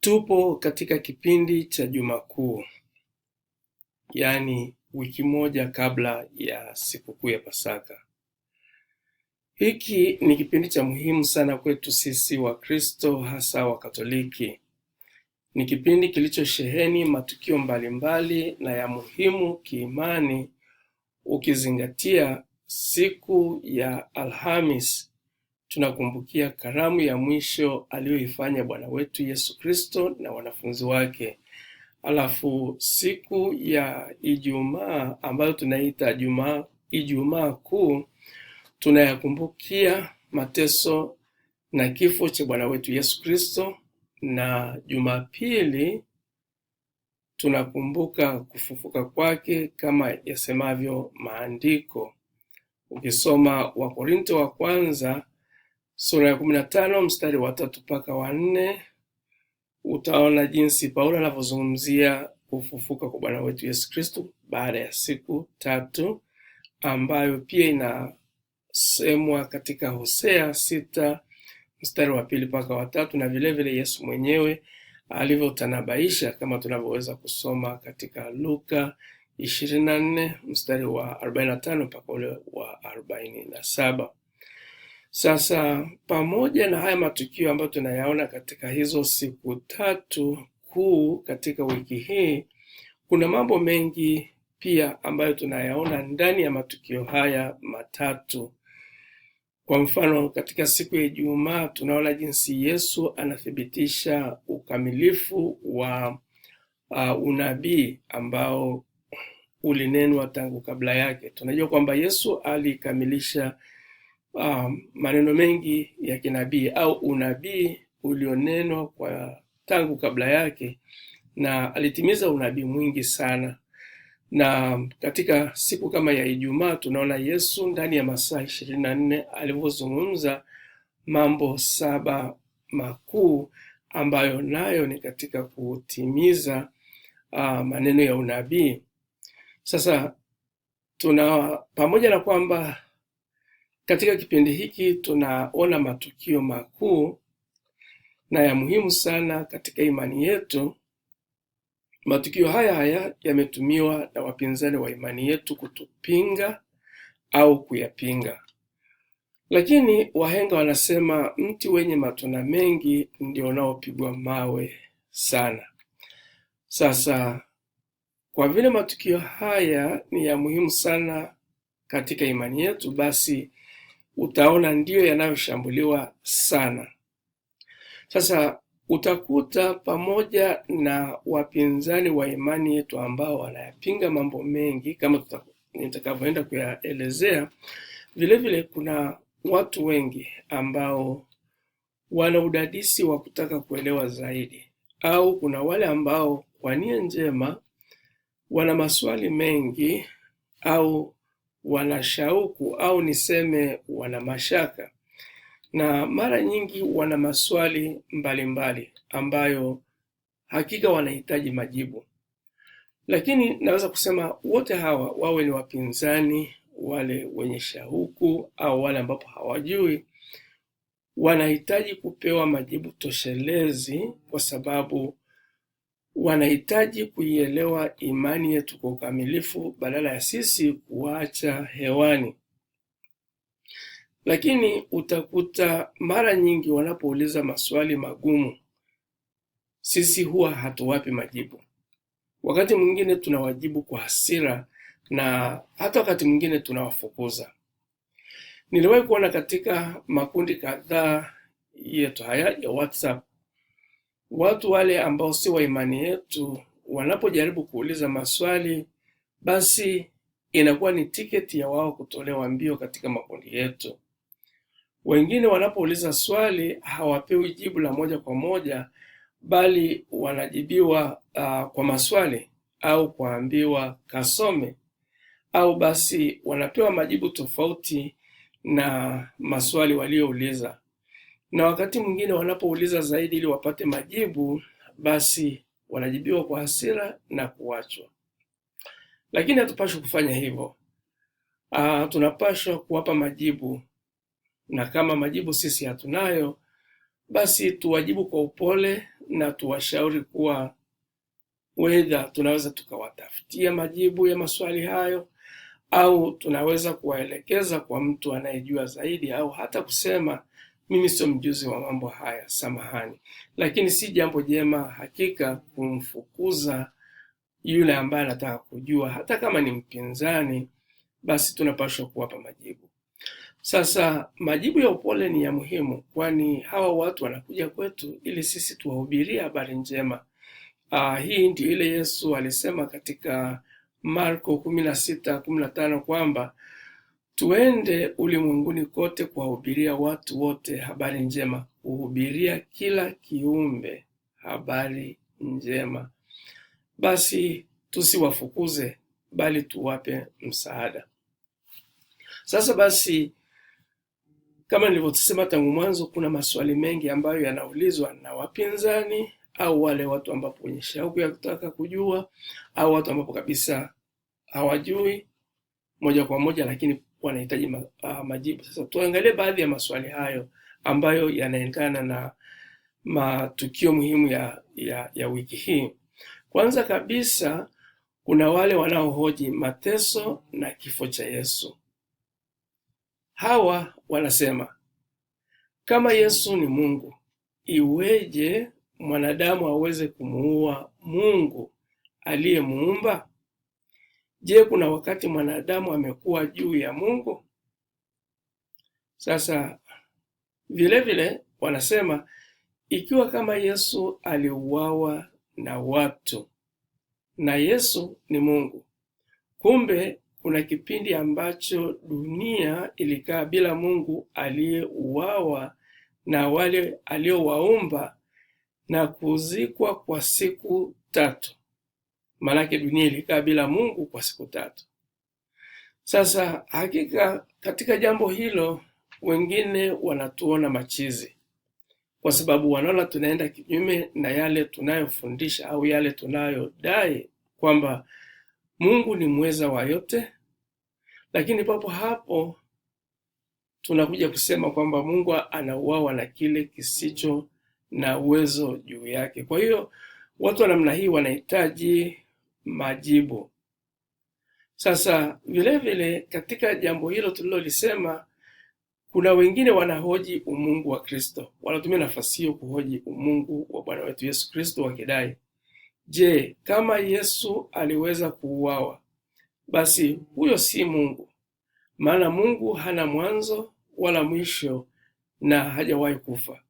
Tupo katika kipindi cha Juma Kuu, yaani wiki moja kabla ya sikukuu ya Pasaka. Hiki ni kipindi cha muhimu sana kwetu sisi Wakristo, hasa Wakatoliki. Ni kipindi kilichosheheni matukio mbalimbali mbali na ya muhimu kiimani, ukizingatia siku ya Alhamis tunakumbukia karamu ya mwisho aliyoifanya Bwana wetu Yesu Kristo na wanafunzi wake. Alafu siku ya Ijumaa ambayo tunaita Ijumaa Kuu, tunayakumbukia mateso na kifo cha Bwana wetu Yesu Kristo, na Jumapili tunakumbuka kufufuka kwake kama yasemavyo Maandiko. Ukisoma Wakorinto wa kwanza sura ya kumi na tano mstari wa tatu mpaka wa nne utaona jinsi Paulo anavyozungumzia kufufuka kwa Bwana wetu Yesu Kristo baada ya siku tatu ambayo pia inasemwa katika Hosea sita mstari wa pili mpaka wa tatu na vilevile vile Yesu mwenyewe alivyotanabaisha kama tunavyoweza kusoma katika Luka 24 mstari wa 45 mpaka ule wa 47. Sasa pamoja na haya matukio ambayo tunayaona katika hizo siku tatu kuu katika wiki hii, kuna mambo mengi pia ambayo tunayaona ndani ya matukio haya matatu. Kwa mfano, katika siku ya Ijumaa tunaona jinsi Yesu anathibitisha ukamilifu wa uh, unabii ambao ulinenwa tangu kabla yake. Tunajua kwamba Yesu alikamilisha um, maneno mengi ya kinabii au unabii ulionenwa kwa tangu kabla yake, na alitimiza unabii mwingi sana. Na katika siku kama ya Ijumaa tunaona Yesu ndani ya masaa ishirini na nne alivyozungumza mambo saba makuu ambayo nayo ni katika kutimiza uh, maneno ya unabii. Sasa tuna pamoja na kwamba katika kipindi hiki tunaona matukio makuu na ya muhimu sana katika imani yetu. Matukio haya haya yametumiwa na wapinzani wa imani yetu kutupinga au kuyapinga, lakini wahenga wanasema mti wenye matunda mengi ndio unaopigwa mawe sana. Sasa kwa vile matukio haya ni ya muhimu sana katika imani yetu, basi utaona ndiyo yanayoshambuliwa sana. Sasa utakuta pamoja na wapinzani wa imani yetu ambao wanayapinga mambo mengi kama nitakavyoenda kuyaelezea, vilevile kuna watu wengi ambao wana udadisi wa kutaka kuelewa zaidi, au kuna wale ambao kwa nia njema wana maswali mengi au wana shauku au niseme wana mashaka, na mara nyingi wana maswali mbalimbali mbali, ambayo hakika wanahitaji majibu. Lakini naweza kusema wote hawa, wawe ni wapinzani, wale wenye shauku au wale ambapo hawajui, wanahitaji kupewa majibu toshelezi kwa sababu wanahitaji kuielewa imani yetu kwa ukamilifu badala ya sisi kuacha hewani. Lakini utakuta mara nyingi wanapouliza maswali magumu, sisi huwa hatuwapi majibu. Wakati mwingine tunawajibu kwa hasira na hata wakati mwingine tunawafukuza. Niliwahi kuona katika makundi kadhaa yetu haya ya WhatsApp Watu wale ambao si wa imani yetu wanapojaribu kuuliza maswali, basi inakuwa ni tiketi ya wao kutolewa mbio katika makundi yetu. Wengine wanapouliza swali hawapewi jibu la moja kwa moja, bali wanajibiwa uh, kwa maswali au kuambiwa kasome au basi wanapewa majibu tofauti na maswali waliouliza na wakati mwingine wanapouliza zaidi ili wapate majibu, basi wanajibiwa kwa hasira na kuachwa. Lakini hatupashwi kufanya hivyo. Ah, tunapashwa kuwapa majibu, na kama majibu sisi hatunayo, basi tuwajibu kwa upole na tuwashauri kuwa wedha tunaweza tukawatafutia majibu ya maswali hayo au tunaweza kuwaelekeza kwa mtu anayejua zaidi, au hata kusema mimi sio mjuzi wa mambo haya, samahani, lakini si jambo jema hakika kumfukuza yule ambaye anataka kujua, hata kama ni mpinzani, basi tunapaswa kuwapa majibu. Sasa majibu ya upole ni ya muhimu, kwani hawa watu wanakuja kwetu ili sisi tuwahubirie habari njema. Aa, ah, hii ndio ile Yesu alisema katika Marko 16:15 kwamba Tuende ulimwenguni kote kuwahubiria watu wote habari njema, kuhubiria kila kiumbe habari njema. Basi tusiwafukuze, bali tuwape msaada. Sasa basi, kama nilivyosema tangu mwanzo, kuna maswali mengi ambayo yanaulizwa na wapinzani au wale watu ambapo wenye shauku ya kutaka kujua au watu ambapo kabisa hawajui moja kwa moja, lakini wanahitaji ma, uh, majibu. Sasa tuangalie baadhi ya maswali hayo ambayo yanaendana na matukio muhimu ya, ya, ya wiki hii. Kwanza kabisa kuna wale wanaohoji mateso na kifo cha Yesu. Hawa wanasema kama Yesu ni Mungu, iweje mwanadamu aweze kumuua Mungu aliyemuumba? Je, kuna wakati mwanadamu amekuwa juu ya Mungu? Sasa vilevile vile, wanasema ikiwa kama Yesu aliuawa na watu na Yesu ni Mungu, kumbe kuna kipindi ambacho dunia ilikaa bila Mungu aliyeuawa na wale aliowaumba na kuzikwa kwa siku tatu. Maanake dunia ilikaa bila Mungu kwa siku tatu. Sasa hakika katika jambo hilo wengine wanatuona machizi, kwa sababu wanaona tunaenda kinyume na yale tunayofundisha au yale tunayodai kwamba Mungu ni mweza wa yote, lakini papo hapo tunakuja kusema kwamba Mungu anauawa na kile kisicho na uwezo juu yake. Kwa hiyo watu wa namna hii wanahitaji majibu. Sasa vilevile katika jambo hilo tulilolisema, kuna wengine wanahoji umungu wa Kristo, wanatumia nafasi hiyo kuhoji umungu wa Bwana wetu Yesu Kristo wakidai, je, kama Yesu aliweza kuuawa, basi huyo si Mungu? Maana Mungu hana mwanzo wala mwisho na hajawahi kufa.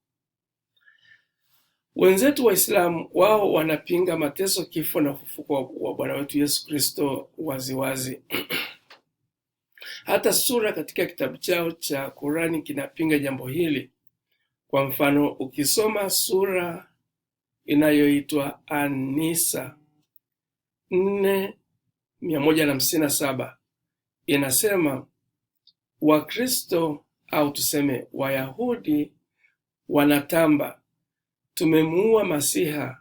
Wenzetu Waislamu wao wanapinga mateso, kifo na ufufuko wa Bwana wetu Yesu Kristo waziwazi. Hata sura katika kitabu chao cha Qurani kinapinga jambo hili. Kwa mfano, ukisoma sura inayoitwa An-Nisa 4:157 inasema Wakristo au tuseme Wayahudi wanatamba tumemuua Masiha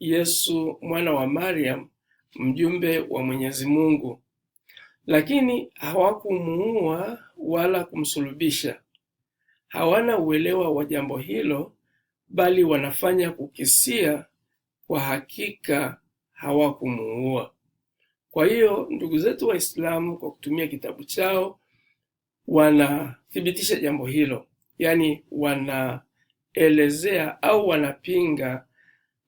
Yesu mwana wa Mariam, mjumbe wa Mwenyezi Mungu, lakini hawakumuua wala kumsulubisha. Hawana uelewa wa jambo hilo, bali wanafanya kukisia kwa hakika hawakumuua. Kwa hiyo ndugu zetu Waislamu kwa kutumia kitabu chao wanathibitisha jambo hilo, yaani wana wanaelezea au wanapinga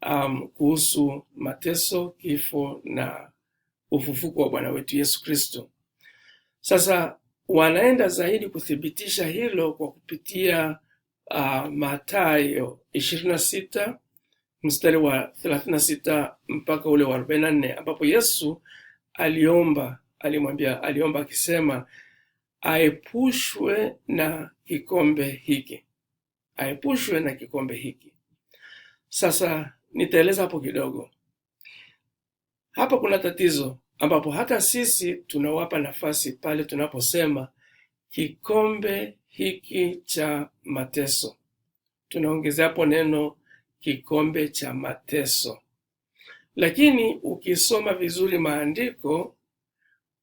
um, kuhusu mateso, kifo na ufufuko wa Bwana wetu Yesu Kristo. Sasa wanaenda zaidi kuthibitisha hilo kwa kupitia uh, Mathayo 26 mstari wa 36 mpaka ule wa 44 ambapo Yesu aliomba alimwambia, aliomba akisema, aepushwe na kikombe hiki aepushwe na kikombe hiki. Sasa nitaeleza hapo kidogo. Hapa kuna tatizo ambapo hata sisi tunawapa nafasi pale tunaposema kikombe hiki cha mateso, tunaongezea hapo neno kikombe cha mateso. Lakini ukisoma vizuri maandiko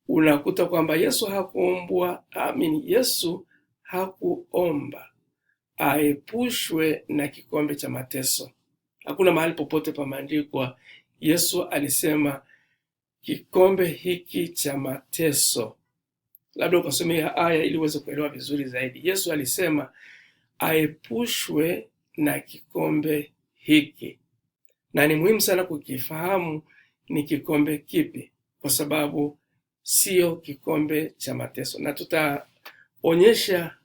unakuta kwamba Yesu hakuombwa, amini, Yesu hakuomba aepushwe na kikombe cha mateso. Hakuna mahali popote pameandikwa Yesu alisema kikombe hiki cha mateso. Labda ukasomea aya ili uweze kuelewa vizuri zaidi. Yesu alisema aepushwe na kikombe hiki, na ni muhimu sana kukifahamu ni kikombe kipi, kwa sababu siyo kikombe cha mateso, na tutaonyesha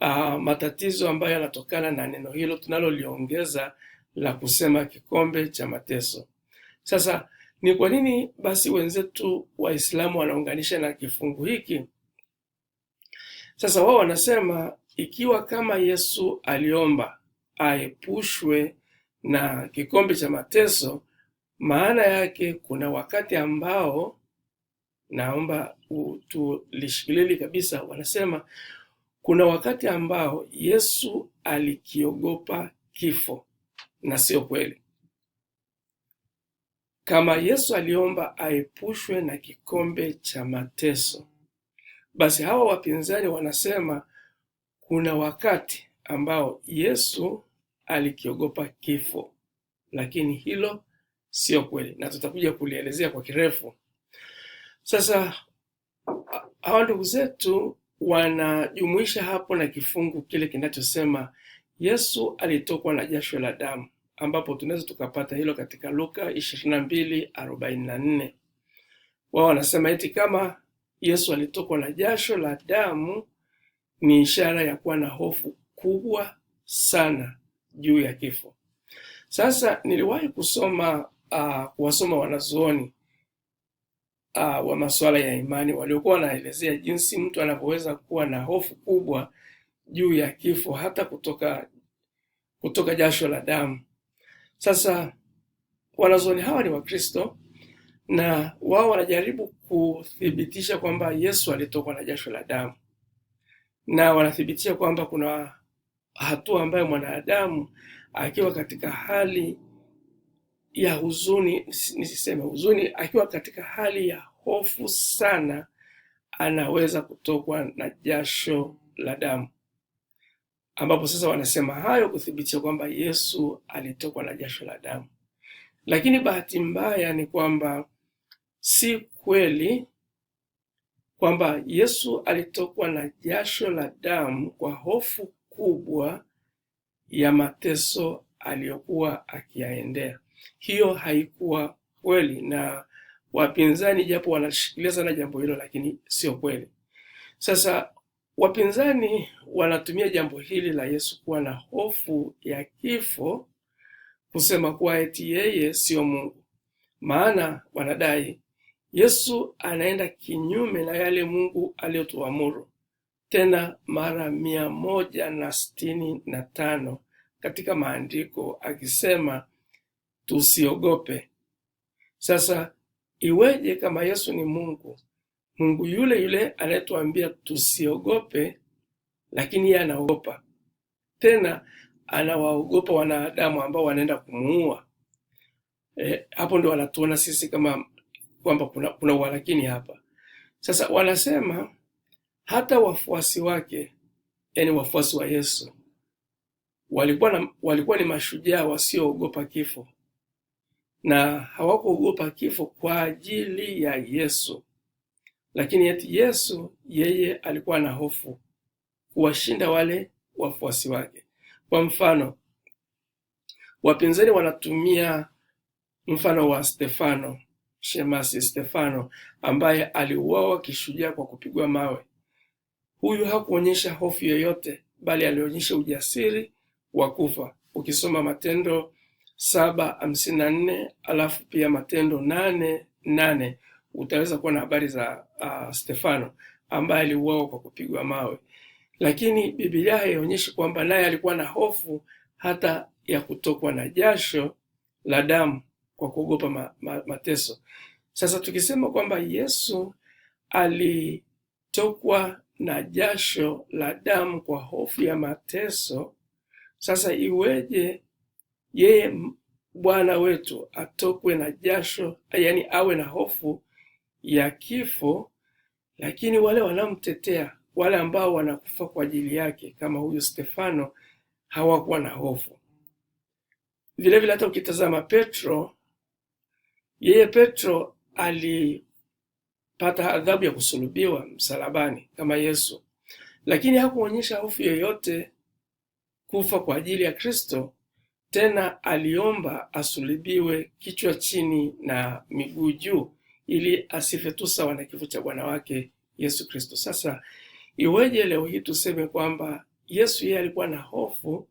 uh, matatizo ambayo yanatokana na neno hilo tunaloliongeza la kusema kikombe cha mateso. Sasa ni kwa nini basi wenzetu Waislamu wanaunganisha na kifungu hiki? Sasa wao wanasema ikiwa kama Yesu aliomba aepushwe na kikombe cha mateso, maana yake kuna wakati ambao, naomba tulishikilili kabisa, wanasema kuna wakati ambao Yesu alikiogopa kifo, na sio kweli. Kama Yesu aliomba aepushwe na kikombe cha mateso, basi hawa wapinzani wanasema kuna wakati ambao Yesu alikiogopa kifo, lakini hilo sio kweli, na tutakuja kulielezea kwa kirefu. Sasa hawa ndugu zetu wanajumuisha hapo na kifungu kile kinachosema Yesu alitokwa na jasho la damu, ambapo tunaweza tukapata hilo katika Luka 22:44. Wao wanasema eti kama Yesu alitokwa na jasho la damu ni ishara ya kuwa na hofu kubwa sana juu ya kifo. Sasa niliwahi kusoma uh, kuwasoma wanazuoni uh, wa masuala ya imani waliokuwa wanaelezea jinsi mtu anavyoweza kuwa na hofu kubwa juu ya kifo hata kutoka, kutoka jasho la damu. Sasa wanazoni hawa ni Wakristo na wao wanajaribu kuthibitisha kwamba Yesu alitokwa na jasho la damu, na wanathibitisha kwamba kuna hatua ambayo mwanadamu akiwa katika hali ya huzuni, nisiseme huzuni, akiwa katika hali ya hofu sana, anaweza kutokwa na jasho la damu, ambapo sasa wanasema hayo kuthibitisha kwamba Yesu alitokwa na jasho la damu. Lakini bahati mbaya ni kwamba si kweli kwamba Yesu alitokwa na jasho la damu kwa hofu kubwa ya mateso aliyokuwa akiyaendea hiyo haikuwa kweli, na wapinzani japo wanashikilia sana jambo hilo, lakini sio kweli. Sasa wapinzani wanatumia jambo hili la Yesu kuwa na hofu ya kifo kusema kuwa eti yeye siyo Mungu, maana wanadai Yesu anaenda kinyume na yale Mungu aliyotuamuru tena mara mia moja na sitini na tano katika maandiko akisema tusiogope. Sasa iweje kama Yesu ni Mungu, Mungu yule yule anayetuambia tusiogope, lakini yeye anaogopa tena anawaogopa wanadamu ambao wanaenda kumuua. E, hapo ndio wanatuona sisi kama kwamba kuna, kuna uwalakini hapa. Sasa wanasema hata wafuasi wake, yani wafuasi wa Yesu walikuwa, na, walikuwa ni mashujaa wasioogopa kifo na hawakuogopa kifo kwa ajili ya Yesu. Lakini eti Yesu yeye alikuwa na hofu kuwashinda wale wafuasi wake. Kwa mfano, wapinzani wanatumia mfano wa Stefano, shemasi Stefano ambaye aliuawa kishujaa kwa kupigwa mawe. Huyu hakuonyesha hofu yoyote, bali alionyesha ujasiri wa kufa. Ukisoma Matendo saba hamsini na nne alafu pia Matendo nane nane utaweza kuwa na habari za uh, Stefano ambaye aliuawa kwa kupigwa mawe, lakini Biblia haionyeshi kwamba naye alikuwa na hofu hata ya kutokwa na jasho la damu kwa kuogopa ma, ma, mateso. Sasa tukisema kwamba Yesu alitokwa na jasho la damu kwa hofu ya mateso, sasa iweje yeye Bwana wetu atokwe na jasho, yaani awe na hofu ya kifo, lakini wale wanaomtetea, wale ambao wanakufa kwa ajili yake, kama huyu Stefano, hawakuwa na hofu. Vilevile hata ukitazama Petro, yeye Petro alipata adhabu ya kusulubiwa msalabani kama Yesu, lakini hakuonyesha hofu yoyote kufa kwa ajili ya Kristo tena aliomba asulubiwe kichwa chini na miguu juu, ili asife tu sawa na kifo cha Bwana wake Yesu Kristo. Sasa iweje leo hii tuseme kwamba Yesu yeye alikuwa na hofu,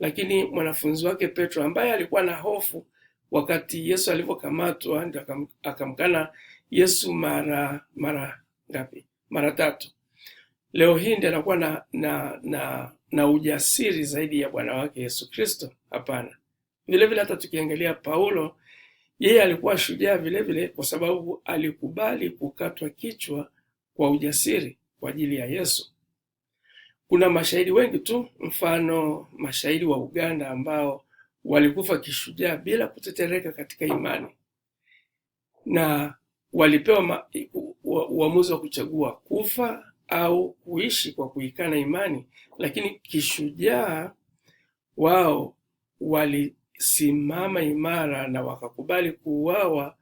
lakini mwanafunzi wake Petro ambaye alikuwa na hofu wakati Yesu alivyokamatwa, ndio akamkana Yesu mara mara ngapi? Mara tatu. Leo hii ndiye anakuwa na, na, na, na ujasiri zaidi ya Bwana wake Yesu Kristo. Hapana. Vilevile hata tukiangalia Paulo, yeye alikuwa shujaa vilevile, kwa sababu alikubali kukatwa kichwa kwa ujasiri kwa ajili ya Yesu. Kuna mashahidi wengi tu, mfano mashahidi wa Uganda ambao walikufa kishujaa bila kutetereka katika imani na walipewa uamuzi wa kuchagua kufa au kuishi kwa kuikana imani, lakini kishujaa wao walisimama imara na wakakubali kuuawa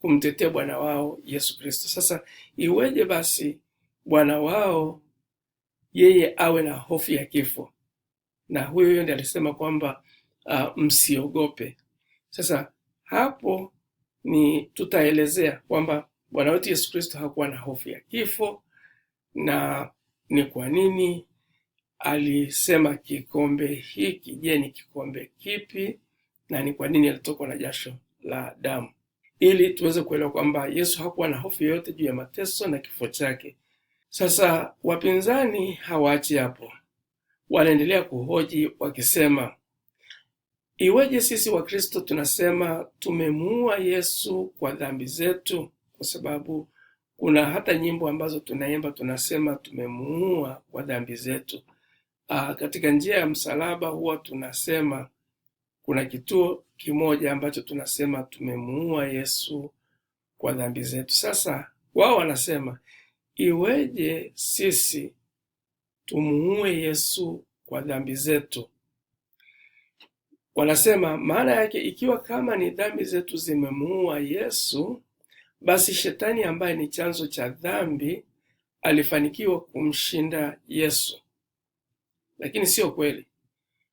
kumtetea Bwana wao Yesu Kristo. Sasa iweje basi Bwana wao yeye awe na hofu ya kifo? Na huyo huyo ndiye alisema kwamba uh, msiogope. Sasa hapo ni tutaelezea kwamba Bwana wetu Yesu Kristo hakuwa na hofu ya kifo na ni kwa nini alisema kikombe hiki, je, ni kikombe kipi na ni kwa nini alitokwa na jasho la damu, ili tuweze kuelewa kwamba Yesu hakuwa na hofu yoyote juu ya mateso na kifo chake. Sasa wapinzani hawaachi hapo, wanaendelea kuhoji wakisema, iweje sisi Wakristo tunasema tumemuua Yesu kwa dhambi zetu? Kwa sababu kuna hata nyimbo ambazo tunaimba tunasema tumemuua kwa dhambi zetu. Aa, ah, katika njia ya msalaba huwa tunasema kuna kituo kimoja ambacho tunasema tumemuua Yesu kwa dhambi zetu. Sasa wao wanasema iweje sisi tumuue Yesu kwa dhambi zetu? Wanasema maana yake, ikiwa kama ni dhambi zetu zimemuua Yesu, basi shetani ambaye ni chanzo cha dhambi alifanikiwa kumshinda Yesu lakini siyo kweli.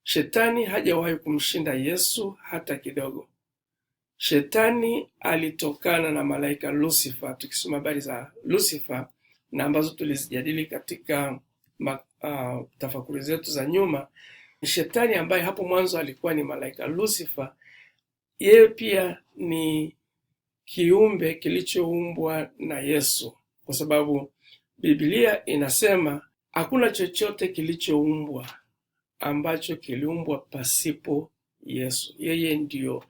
Shetani hajawahi kumshinda Yesu hata kidogo. Shetani alitokana na malaika Lucifer, tukisoma habari za Lucifer na ambazo tulizijadili katika uh, tafakuri zetu za nyuma. Shetani ambaye hapo mwanzo alikuwa ni malaika Lucifer, yeye pia ni kiumbe kilichoumbwa na Yesu, kwa sababu Biblia inasema Hakuna chochote kilichoumbwa ambacho kiliumbwa pasipo Yesu. Yeye ndiyo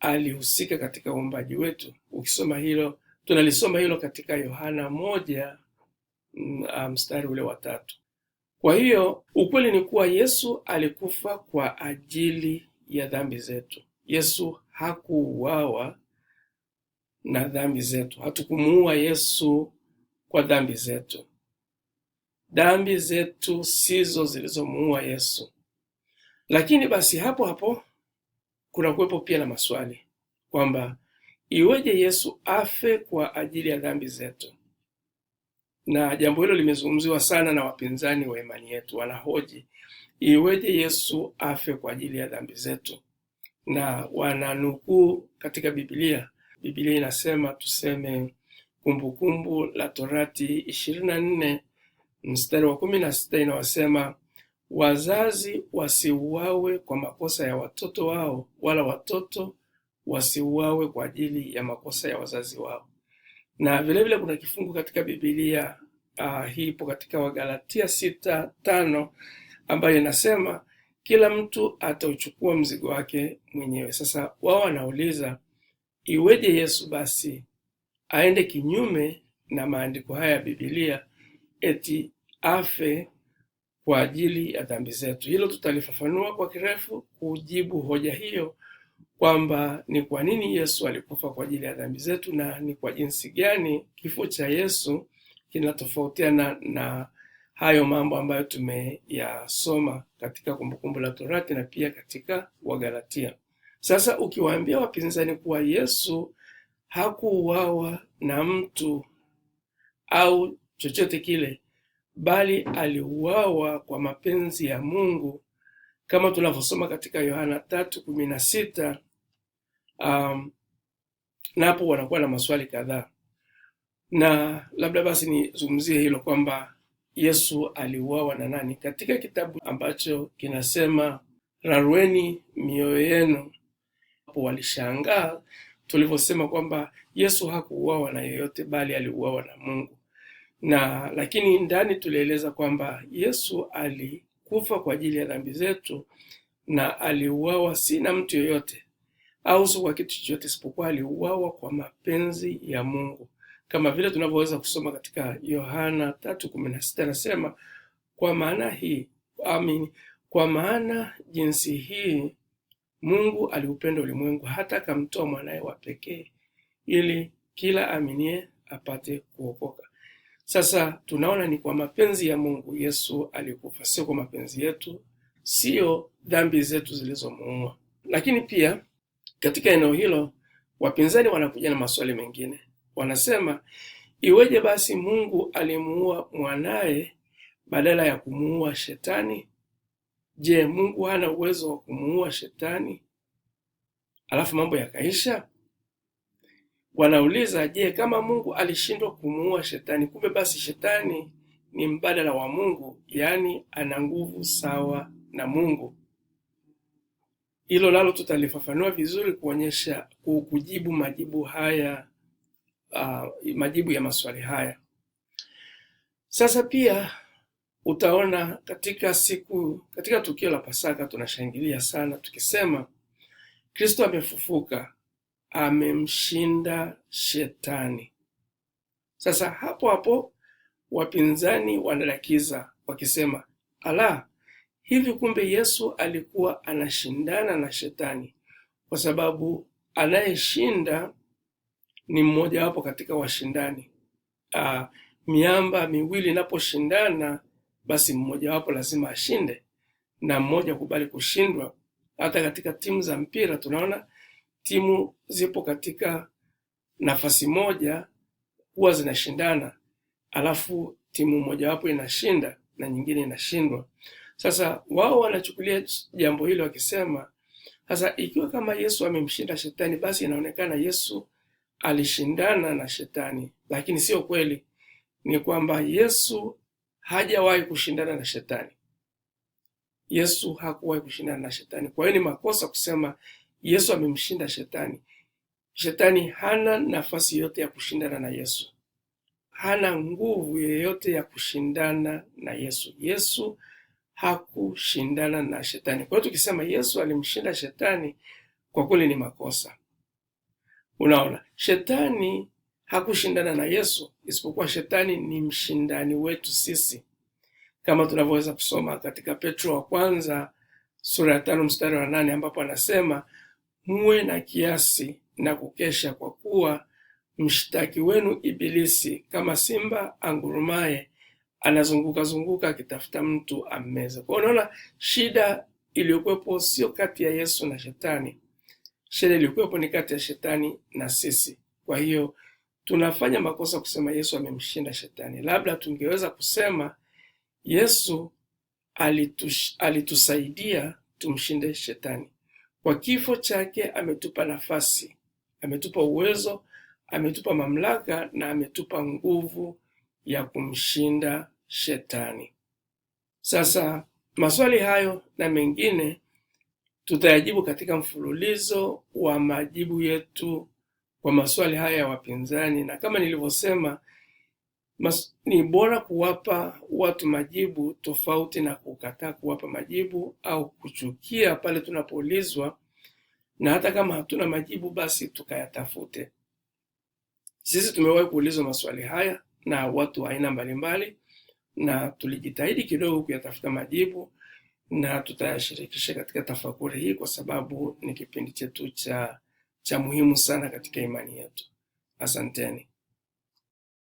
alihusika katika uumbaji wetu. Ukisoma hilo, tunalisoma hilo katika Yohana moja mm, ah, mstari ule wa tatu. Kwa hiyo ukweli ni kuwa Yesu alikufa kwa ajili ya dhambi zetu. Yesu hakuuawa na dhambi zetu, hatukumuua Yesu kwa dhambi zetu. Dhambi zetu sizo zilizomuua Yesu. Lakini basi hapo hapo kuna kuwepo pia na maswali kwamba iweje Yesu afe kwa ajili ya dhambi zetu? Na jambo hilo limezungumziwa sana na wapinzani wa imani yetu, wanahoji iweje Yesu afe kwa ajili ya dhambi zetu, na wananukuu katika Biblia. Biblia inasema tuseme Kumbukumbu la Torati 24 mstari wa kumi na sita inawasema wazazi wasiuawe kwa makosa ya watoto wao, wala watoto wasiuawe kwa ajili ya makosa ya wazazi wao. Na vilevile vile kuna kifungu katika Bibilia uh, ah, hii ipo katika Wagalatia sita tano ambayo inasema kila mtu atauchukua mzigo wake mwenyewe. Sasa wao wanauliza iweje Yesu basi aende kinyume na maandiko haya ya Bibilia eti afe kwa ajili ya dhambi zetu. Hilo tutalifafanua kwa kirefu kujibu hoja hiyo kwamba ni kwa nini Yesu alikufa kwa ajili ya dhambi zetu na ni kwa jinsi gani kifo cha Yesu kinatofautiana na, na hayo mambo ambayo tumeyasoma katika Kumbukumbu la Torati na pia katika Wagalatia. Sasa ukiwaambia wapinzani kuwa Yesu hakuuawa na mtu au chochote kile, bali aliuawa kwa mapenzi ya Mungu kama tunavyosoma katika Yohana tatu kumi na sita. Um, na hapo wanakuwa na maswali kadhaa, na labda basi nizungumzie hilo kwamba Yesu aliuawa na nani katika kitabu ambacho kinasema rarueni mioyo yenu. Hapo walishangaa tulivyosema kwamba Yesu hakuuawa na yeyote, bali aliuawa na Mungu na lakini ndani tulieleza kwamba Yesu alikufa kwa ajili ya dhambi zetu na aliuawa si na mtu yoyote au si kwa kitu chochote isipokuwa aliuawa kwa mapenzi ya Mungu, kama vile tunavyoweza kusoma katika Yohana 3:16 anasema, kwa maana hii amini, kwa maana jinsi hii Mungu aliupenda ulimwengu hata akamtoa mwanaye wa pekee, ili kila aminie apate kuokoka. Sasa tunaona ni kwa mapenzi ya Mungu Yesu alikufa, sio kwa mapenzi yetu, siyo dhambi zetu zilizomuua. Lakini pia katika eneo hilo wapinzani wanakuja na maswali mengine, wanasema iweje basi Mungu alimuua mwanaye badala ya kumuua shetani? Je, Mungu hana uwezo wa kumuua shetani alafu mambo yakaisha? wanauliza je, kama Mungu alishindwa kumuua shetani, kumbe basi shetani ni mbadala wa Mungu, yaani ana nguvu sawa na Mungu. Hilo nalo tutalifafanua vizuri kuonyesha kujibu majibu haya uh, majibu ya maswali haya. Sasa pia utaona katika siku katika tukio la Pasaka tunashangilia sana tukisema Kristo amefufuka amemshinda shetani. Sasa hapo hapo wapinzani wanadakiza wakisema, ala, hivi kumbe Yesu alikuwa anashindana na shetani, kwa sababu anayeshinda ni mmoja wapo katika washindani. Aa, ah, miamba miwili inaposhindana basi mmoja wapo lazima ashinde na mmoja kubali kushindwa. Hata katika timu za mpira tunaona timu zipo katika nafasi moja huwa zinashindana, alafu timu mojawapo inashinda na nyingine inashindwa. Sasa wao wanachukulia jambo hilo wakisema, sasa ikiwa kama Yesu amemshinda shetani, basi inaonekana Yesu alishindana na shetani, lakini sio kweli. Ni kwamba Yesu hajawahi kushindana na shetani. Yesu hakuwahi kushindana na shetani. Kwa hiyo ni makosa kusema Yesu amemshinda shetani. Shetani hana nafasi yote ya kushindana na Yesu, hana nguvu yoyote ya kushindana na Yesu. Yesu hakushindana na shetani. Kwa hiyo tukisema Yesu alimshinda shetani, kwa kweli ni makosa. Unaona, shetani hakushindana na Yesu, isipokuwa shetani ni mshindani wetu sisi, kama tunavyoweza kusoma katika Petro wa kwanza sura ya tano mstari wa nane ambapo anasema muwe na kiasi na kukesha, kwa kuwa mshtaki wenu Ibilisi kama simba angurumaye anazunguka zunguka akitafuta mtu ammeze. Kwa unaona shida iliyokuwepo sio kati ya Yesu na Shetani, shida iliyokuwepo ni kati ya Shetani na sisi. Kwa hiyo tunafanya makosa kusema Yesu amemshinda Shetani. Labda tungeweza kusema Yesu alitus, alitusaidia tumshinde Shetani. Kwa kifo chake ametupa nafasi, ametupa uwezo, ametupa mamlaka na ametupa nguvu ya kumshinda Shetani. Sasa maswali hayo na mengine tutayajibu katika mfululizo wa majibu yetu kwa maswali haya ya wapinzani, na kama nilivyosema, mas, ni bora kuwapa watu majibu tofauti na kukataa kuwapa majibu au kuchukia pale tunapoulizwa, na hata kama hatuna majibu basi tukayatafute. Sisi tumewahi kuulizwa maswali haya na watu wa aina mbalimbali, na tulijitahidi kidogo kuyatafuta majibu na tutayashirikisha katika tafakuri hii, kwa sababu ni kipindi chetu cha cha muhimu sana katika imani yetu. Asanteni.